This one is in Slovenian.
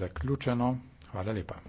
zaključeno. Hvala lepa.